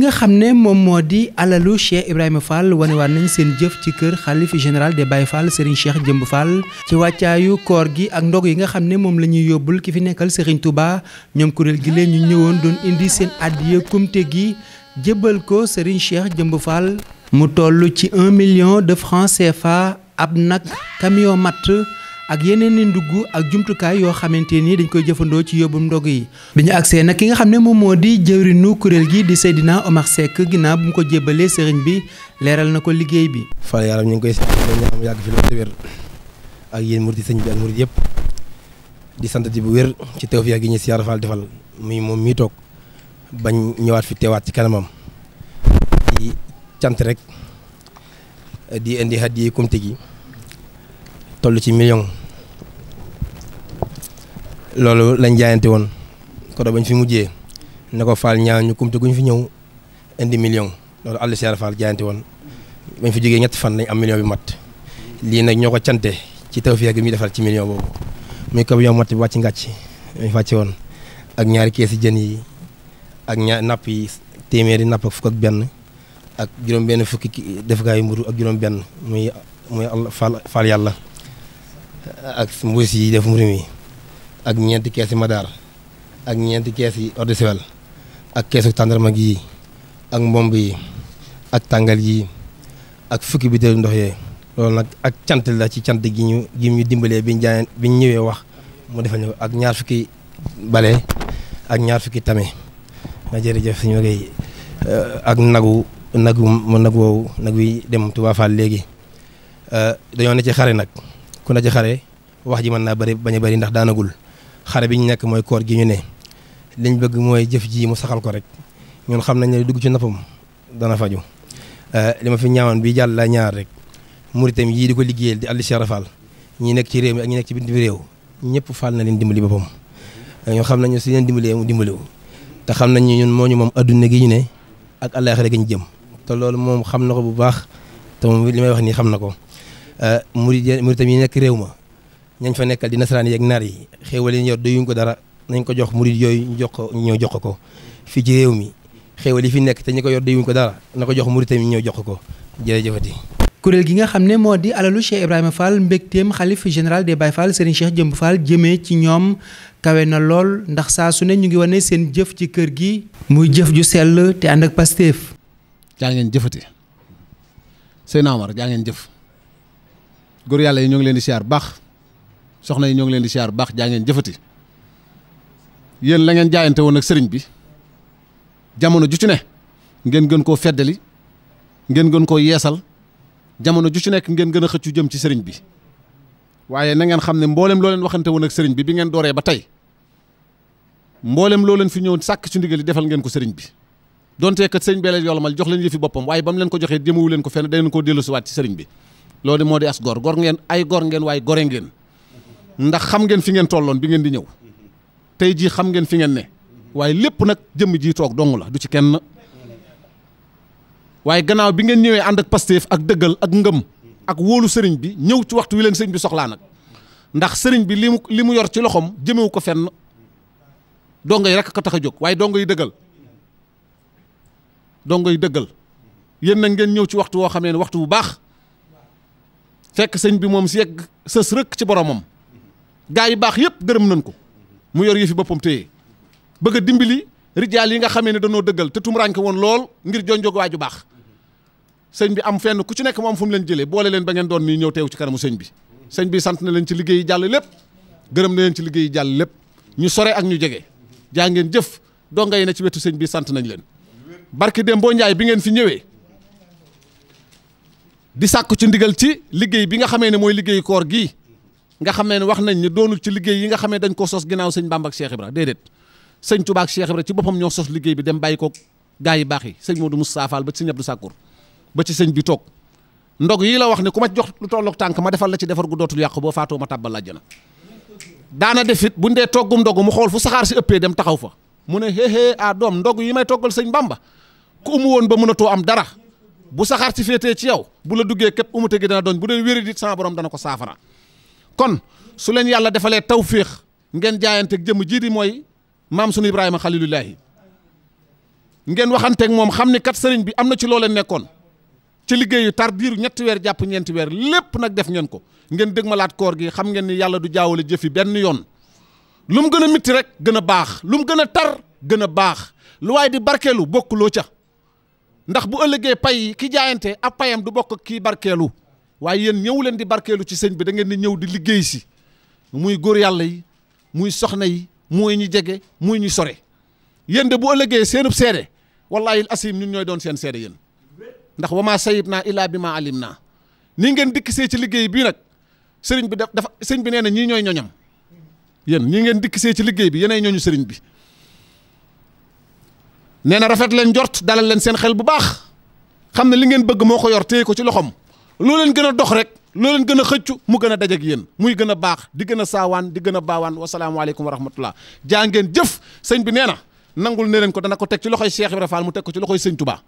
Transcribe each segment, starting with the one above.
nga xam ne moom moo di alalu Cheikh Ibrahima wane wanewaat nañ seen jëf ci kër xalif général des Baye Fall Serigne Cheikh Jëmb Fall ci wàccaayu koor gi ak ndog yi nga xam ne moom la ñuy yóbbul ki fi nekkal Serigne Touba ñoom kuréel gi leen ñu ñëwoon doon indi seen addiya kumte gi jébbal ko Serigne Cheikh Jëmb Fall mu toll ci 1 million de francs CFA ab nag camion matt ak yeneen i ndugg ak jumtukaay yoo xamante ni dañ koy jëfandoo ci yóbbum ndog yi bi ñu agsee nag ki nga xam ne moom moo di jëwrinu kuréel gi di Seydina Omar Seck ginnaaw bu mu ko jébbalee sëriñ bi leeral na ko liggéey bi fal yaram ñu ngi koy sant ñaam yàgg fi lu ak yéen murid sëñ bi yëpp di sant di bu wér ci tawfiix gi ñu siyaar Fall defal muy moom mii toog bañ ñëwaat fi teewaat ci kanamam di cant rek di indi hadiya kumte gi toll ci million loolu lañ jaayante woon kodo bañ fi mujjee ne ko Fall ñaan ñu kumte guñ fi ñëw indi million loolu àll si Fall woon bañ fi jógee ñetti fan lañ am million bi mat lii nag ñoo ko cante ci tawfeex gi muy defal ci million boobu muy ko yow mat bi wàcc ngàcc dañ fàcce woon ak ñaari keesi jën yi ak ñaar napp yi téeméeri napp ak fukk ak benn ak juróom-benn fukki defukaayu ak juróom-benn muy muy Fall Fall yàlla ak mbuus yi def mburu mi ak ñeenti kees yi madaar ak ñeenti kees yi eau de Javel ak keesu tàndarma yi ak mbomb yi ak tàngal yi ak fukki butéelu ndox yee loolu nag ak cant la ci cant gi ñu dimbalee bi jaay biñ ñëwee wax mu defal ñu ak ñaar fukki bale ak ñaar fukki tame nga jërëjëf suñu euh, koy ak nagu nagu nag woowu nag wi dem Touba Fall léegi euh, dañoo na ci xare nag ku ne ci xare wax ji mën naa bari bañ bari ndax daanagul xare bi ñu nekk mooy koor gi ñu ne liñ bëgg mooy jëf ji mu saxal ko rek ñun xam nañ ne dugg ci noppam dana faju eh, li ma fi ñaawoon bi jàll la ñaar rek muritam yii di ko liggéeyal di Aly Cheikh Fall ñi nekk ci réew mi ak ñi nekk ci bitim réew ñëpp faal na dimbali boppam eh, ñun xam nañu si dimbalee mu dimbaliwu te xam nañ ñun moo ñu moom adduna gi ñu ne ak àllaaxira gi ñu jëm te loolu moom xam na ko bu baax te li may wax nii xam na ko eh, murit muritam yi nekk réew ma ñañ fa nekkal di nasaraan yeeg naar yi xéewal yi ñu yor doyuñ ko dara nañ ko jox murid yooyu ñu jox ko ñëw jox ko fii ci réew mi xéewal li fi nekk te ñi ko yor doyuñ ko dara na ko jox murid tamit ñëw jox ko jërëjëfati kuréel gi nga xam ne moo di alalu Cheikh Ibrahima Fall mbégteem xalif général des Baye Fall Serigne Cheikh Jëmb Fall jëmee ci ñoom kawe na lool ndax saa su ne ñu ngi wane seen jëf ci kër gi. muy jëf ju sell te ànd ak Pastef. jaa ngeen jëfate Seydina Omar jaa ngeen jëf góor yàlla yi ñoo ngi leen di siyaar baax soxna yi ñoo ngi leen di siyaar baax jaa ngeen jëfati yéen la ngeen jaayante woon ak sëriñ bi jamono ju ci ne ngeen gën koo feddali ngeen gën koo yeesal jamono ju ci nekk ngeen gën a xëccu jëm ci sëriñ bi waaye na ngeen xam ne mboolem loo leen waxante woon ak sëriñ bi bi ngeen dooree ba tey mboolem loo leen fi ñëw sàkk ci ndigal yi defal ngeen ko sëriñ bi donte kat sëriñ bee leen yolomal jox leen yëfi boppam waaye ba mu leen ko joxee jëmewu leen ko fenn da ngeen koo dellusiwaat ci sëriñ bi loolu moo di as ngeen ay gor ngeen waaye ngeen ndax xam ngeen fi ngeen tolloon bi ngeen di ñëw tey jii xam ngeen fi ngeen ne waaye lépp nag jëmm ji toog dong la du ci kenn waaye gannaaw bi ngeen ñëwee ànd ak Pastef ak dëggal ak ngëm ak wóolu sëriñ bi ñëw ci waxtu wi leen sëñ bi soxlaa nag ndax sëriñ bi li mu li mu yor ci loxoom jëmewu ko fenn dongo yi rek ko tax a jóg waaye dongo yi dëggal dongo yi dëggal yéen na ngeen ñëw ci waxtu woo xam ne waxtu bu baax fekk sëñ bi moom si yegg sës rëkk ci boromam. gaa yi baax yëpp gërëm nañ ko mu yor yëfi boppam téye bëgg a dimbali rijaal yi nga xamee ne danoo dëggal te tumuraañ woon lool ngir jonjog waaju baax sëñ bi am fenn ku ci nekk mu am fu leen jëlee boole leen ba ngeen doon ni ñëw teew ci kanamu sëñ bi sëñ bi sant na leen ci liggéey yi jàll lépp gërëm na leen ci liggéey yi jàll lépp ñu sore ak ñu jege jaa ngeen jëf donga yi ne ci wetu sëñ bi sant nañ leen barki dem boo njaay bi ngeen fi ñëwee di sàkku ci ndigal ci liggéey bi nga xamee ne mooy liggéey gii nga xam ne wax nañ ne doonul ci liggéey yi nga xam ne dañ ko sos ginnaaw sëñ Bamba ak Cheikh Ibra déedéet sëñ Touba ak ci boppam ñoo sos liggéey bi dem bàyyi ko gaa yi baax yi sëñ Modou Moustapha Fall ba ci sëñ Abdou Sakkour ba ci sëñ bi toog ndog yii la wax ne ku ma jox lu tolloog tànk ma defal la ci defar gu dootul yàqu boo faatoo ma tàbbal àjjana daana def it bu ñu dee toggum ndog mu xool fu saxaar si ëppee dem taxaw fa mu ne héhé ah doom ndog yi may toggal sëñ Bamba ku umu woon ba mënatoo am dara bu saxaar si ci yow bu la duggee képp umute gi dana doon bu dee wéri dit sama borom dana ko saafara kon su leen yàlla defalee tawféex ngeen jaayanteek jëmm jii di mooy maam sunu Ibrahima xalilullaahi ngeen waxanteeg moom xam ni kat sëriñ bi am na ci loo leen nekkoon ci liggéeyu tar diiru ñetti weer jàpp ñeenti weer lépp nag def ngeen ko ngeen dëgmalaat koor gi xam ngeen ni yàlla du jaawale jëf yi benn yoon lu mu gën a mitti rek gën a baax lu mu gën a tar gën a baax lu waaye di barkeelu bokkuloo ca ndax bu ëllëgee pay ki jaayante ab payam du bokk kii barkeelu waaye yéen ñëw leen di barkeelu ci sëñ bi da ngeen di ñëw di liggéey si muy góor yàlla yi muy soxna yi muy ñu jege muy ñu sore yéen de bu ëllëgee seenub seede wallaahi asim ñun ñooy doon seen seede yéen ndax wamaa sayib naa illaa bi ma alim naa ni ngeen dikk see ci liggéey bii nag sëriñ bi dafa sëñ bi nee na ñii ñooy ñoñam yéen ñi ngeen dikk see ci liggéey bi yéenay ñooñu sëriñ bi nee na rafet leen jort dalal leen seen xel bu baax xam ne li ngeen bëgg moo ko yor téye ko ci loxoom loo leen gën a dox rek loo leen a xëccu mu gën a dajak yéen muy gën a baax di gën a saawaan di gën a baawaan wasalaamaaleykum wa rahmatullah jaa ngeen jëf sëñ bi nee na nangul ne leen ko dana ko teg ci loxoy Cheikh Ibra Fall mu teg ko ci loxoy sëñ Touba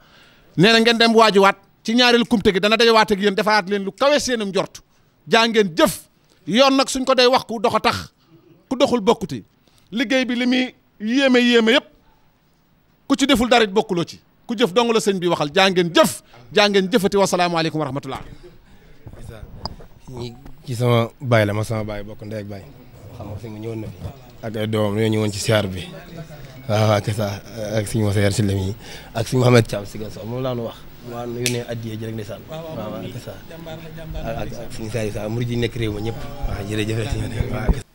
nee na ngeen dem waajuwaat ci ñaareelu kumte gi dana dajawaat ak yéen defaat leen lu kawe seenum njort jaa jëf yoon nag suñ ko dee wax ku dox tax ku doxul bokkuti liggéey bi li muy yéeme yéeme yëpp ku ci deful dara bokkuloo ci ku jëf dong la sëñ bi waxal jaa ngeen jëf jaa ngeen jëfati wasalaamaaleykum wa rahmatullah ñi ci sama baay la ma sama baay bokk ndey ak baay xam nga sëñ ñëwoon na fi ak ay doomam ñoo ñëwoon ci siyaar bi waaw waaw kesa ak sëñ Massaer Sylla mi ak sëñ Mouhamed Thiam si gën sax moom laa nu wax waa nu yónnee addiye ji rek ndeysaan waaw waaw kesa ak ak sëñ Saliou Sa murid yi nekk réew ma ñëpp